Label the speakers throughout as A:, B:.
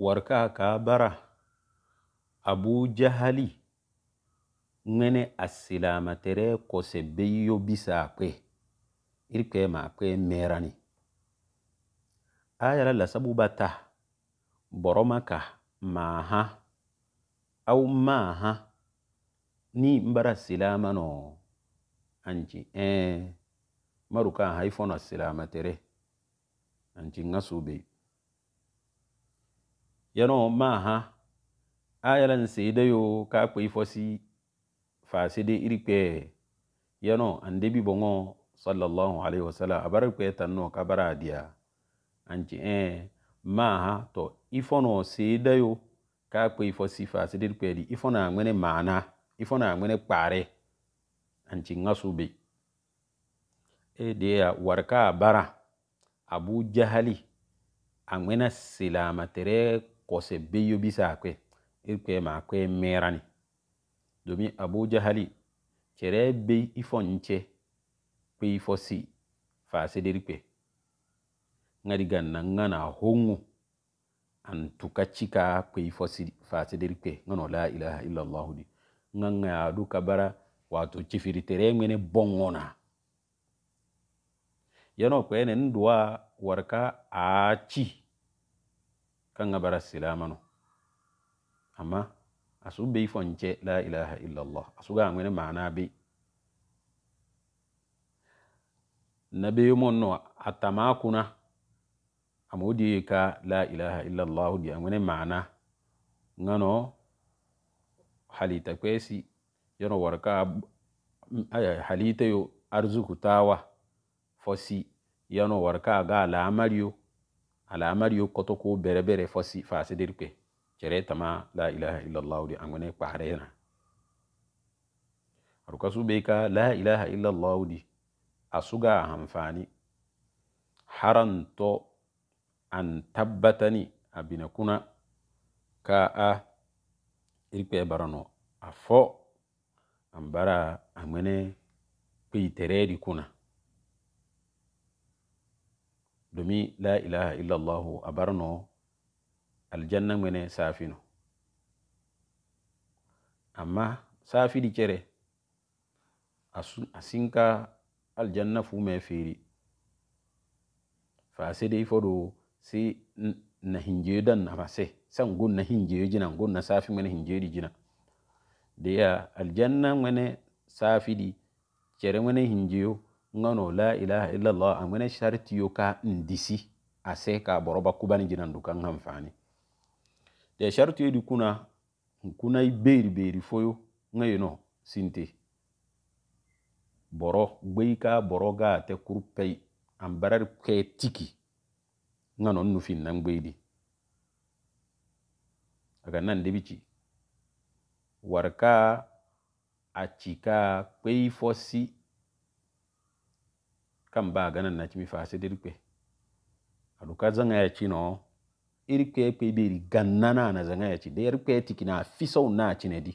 A: warka ka bara abu jahali ŋene asilamatere kose beyo bisa kwe irkwe ma kwe merani ayala lasabu bata boromaka maha au maha ni mbara silamano anji eh maruka haifono silamatere anji ngasubei yɛno maa ha a yɛla n seeda yo ka kpei fɔsi faasede iri kpɛɛ yɛno an sallallahu alaihi wasallam a bara kpɛɛ tan nɔ ka bara a diya an ci ɛɛ maa ha tɔ i fɔnɔ seeda yo ka kpei fɔsi faasede iri kpɛɛ di i fɔnɔ a ŋmɛnɛ maana i fɔnɔ a ŋmɛnɛ kpaare an ci be e deya wari ka bara abu jahali a ŋmɛnɛ tere kose beyo bisa kwe irkwe ma kwe merani domin abu jahali kere be ifo nche kwe ifo si fa sedirikwe ngari ganna ngana hongu an tuka kwe ifo si fa sedirikwe ngano la ilaha illa allah nganga ya duka bara wato cifiri tere bongona yano kwene nduwa warka a ci kan ga bara silamanu amma asu be fonce la ilaha illallah asu ga ngene mana be nabe mon no atama kuna amodi ka la ilaha illallah di ngene mana ngano halita kwesi yono warka halita yo arzuku tawa fosi yano warka ga la amariyo alamari yo koto ko bere bere fosi fase deri pe cere tama la ilaha illallah de angone kpare na arukasu be ka la ilaha illallah di asuga hamfani haranto an tabbatani abina kuna ka a irikpe barano afo ambara amene kpe itere di kuna domi la ilaha illallahu a barno aljanna mene safino amma safidi cere a sinka aljanna fu me feri fa sedei fodo si na hinjeyo dan ama se san gon na hinjeyo jina gon na safi mene hinjeyodi jina deya aljanna mene safidi cere mene hinjeyo ngano la ilaha illallah amene sharti yo ka ndisi ase ka boroba kubani jinan dukan hanfani de sharti yedi kuna kuna iberi beri foyo ngayino sinte boro gbei ka boro ga te kurpei an barar ke tiki ngano nufin nan gbeidi aga nan debici warka a cika fosi kan ba ganan na kimi fasi dirkwe aduka zanga ya ci no irkwe pe biri ganana na zanga ya ci da irkwe tiki na fisau na ci ne di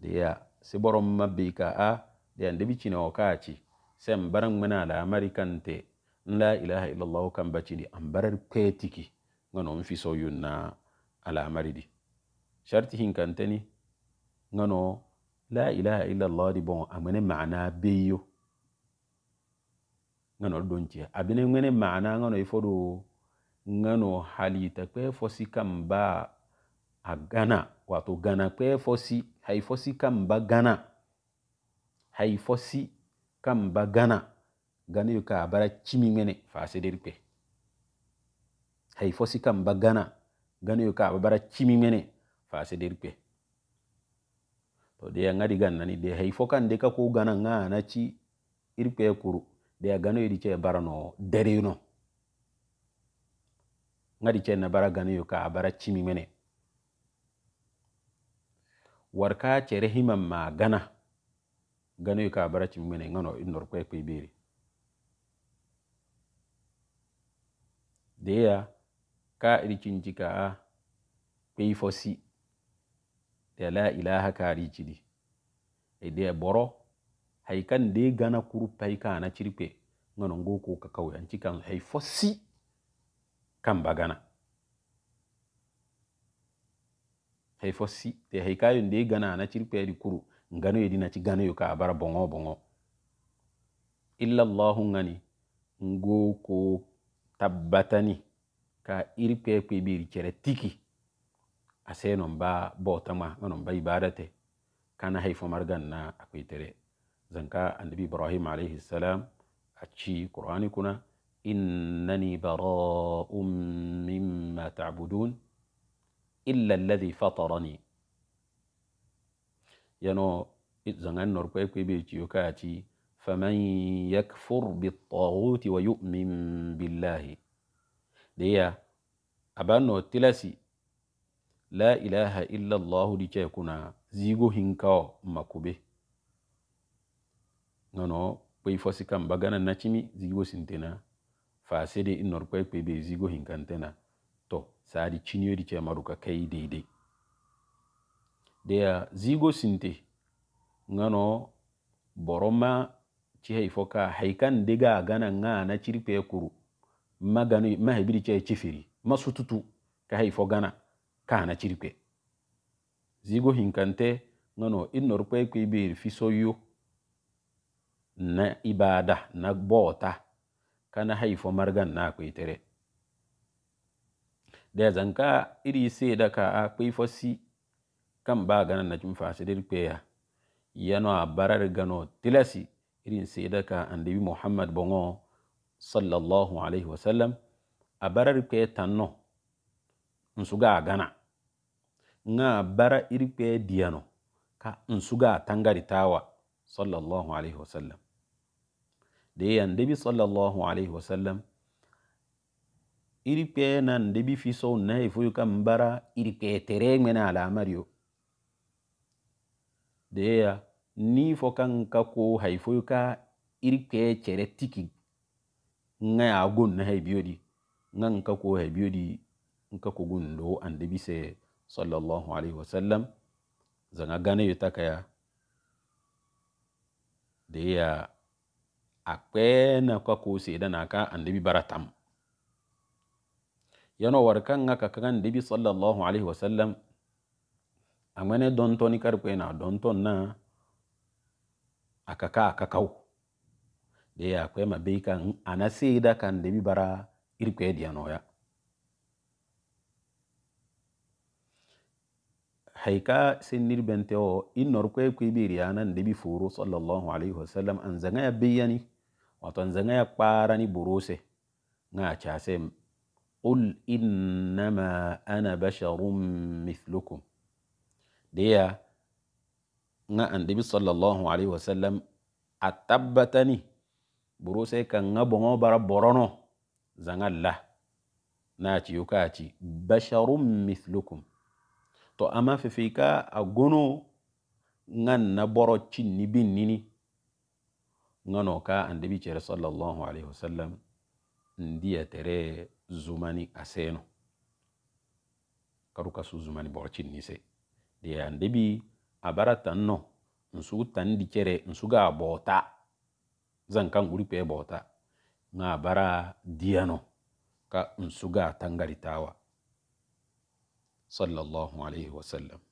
A: da ya si ma mabbi ka a da yanda bici na waka ci sai baran muna da te la ilaha illallah kan ba di an barar kwe tiki ngano fisau yun na al'amari di sharti hinkantani ngano la ilaha illallah di bon amene ma'ana biyu ngano don che abine ngene maana ngano ifodo ngano hali kwe fosi kamba a gana wato gana kwe fosi haifosi kamba gana haifosi kamba gana gana yuka abara chimi ngene fasederi kwe haifosi kamba gana gana yuka abara chimi ngene fasederi kwe to de ngadi gana ni de haifo kan de ka ko gana ngana chi irpe kuru de gano yidi che barano derino ngadi che na bara gano ka bara chimi mene warka chere himan ma gana gano ka bara chimi mene ngano inor kwe kwe biri deya ka iri cinci ka kwe fosi de la ilaha ka ri cidi e de boro haykan de gana kuru paykana cirpe ŋono ŋgo ko kakaw anci kan hay fo si kamba gana hay fo si te haykayo de gana ana cirpe adi kuru ngano yedi naci gano yo ka abara boŋo boŋo illa llahu ŋani ŋgo ko tabbatani ka irpe kwebiri cere tiki a se non ba botama ŋono ba ibada te kana hay fo margan na akwitere زنكا النبي إبراهيم عليه السلام أتشي كنا إنني براء مما تعبدون إلا الذي فطرني ينو زنان نوركويب كيبيتي يكاتي فمن يكفر بالطاغوت ويؤمن بالله ديا أبانو تلاسي لا إله إلا الله لكي يكون زيغو هنكاو مكوبه nono pei fosi kam bagana nachimi zigo sintena fasede inor kwai pei be zigo hinkantena to sadi ciniyo di ce maruka kai daidai deya zigo sinte ngano boroma ci haifo ka haikan diga gana nga na cirpe kuru magani mahibiri ce cifiri masututu ka haifo gana ka na cirpe zigo hinkante ngano inor kwai kwai be fisoyo na ibada na bota kana haifo margan na kwitere da zanka iri sai da ka a kwifo si kan ba gana na jin fasidir kweya yano a barar gano tilasi irin sai da ka annabi muhammad bongo sallallahu alaihi wasallam a barar kwe tanno nsuga gana nga bara iri kwe diano ka nsuga tangari tawa sallallahu alaihi wasallam de ya ndebi sallallahu alaihi wasallam iri kpee na ndebi fi so na ifoyo ka mbara iri kpee tere ŋmene ala yo de ya ni fo kan ka ko ha ka iri chere cere tiki nga ya gun na ha ibiyo di nka ko ha biodi nka ko gun do an ndebi se sallallahu alaihi wasallam zanga gane yo takaya de ya akpena ka ko seda na ka annabi baratam yano warkan nga ka kan annabi sallallahu alaihi wasallam amane don toni karpe na don ton na akaka akakau de ya kwe mabe kan kan annabi bara irkwe dia noya haika sin bente o in norkwe kwibiri ana annabi furu sallallahu alaihi wasallam an zanga ya biyani wato nzanga ya kpara ni borose nga chase qul innama ana basharun mithlukum deya nga annabi sallallahu alaihi wasallam atabbatani borose kan nga bongo bara borono zanga la naci yukaci basharun mithlukum to amma fifika a gono ngan na boro cinni bin nini ngano ka annabi cere sallallahu alaihi wasallam ndiya tere zumani aseno karuka su zumani borcin nise diya annabi abara tanno nsu tan di cere nsu ga bota zan kan guri pe bota nga bara diano ka nsu ga tangaritawa sallallahu alaihi wasallam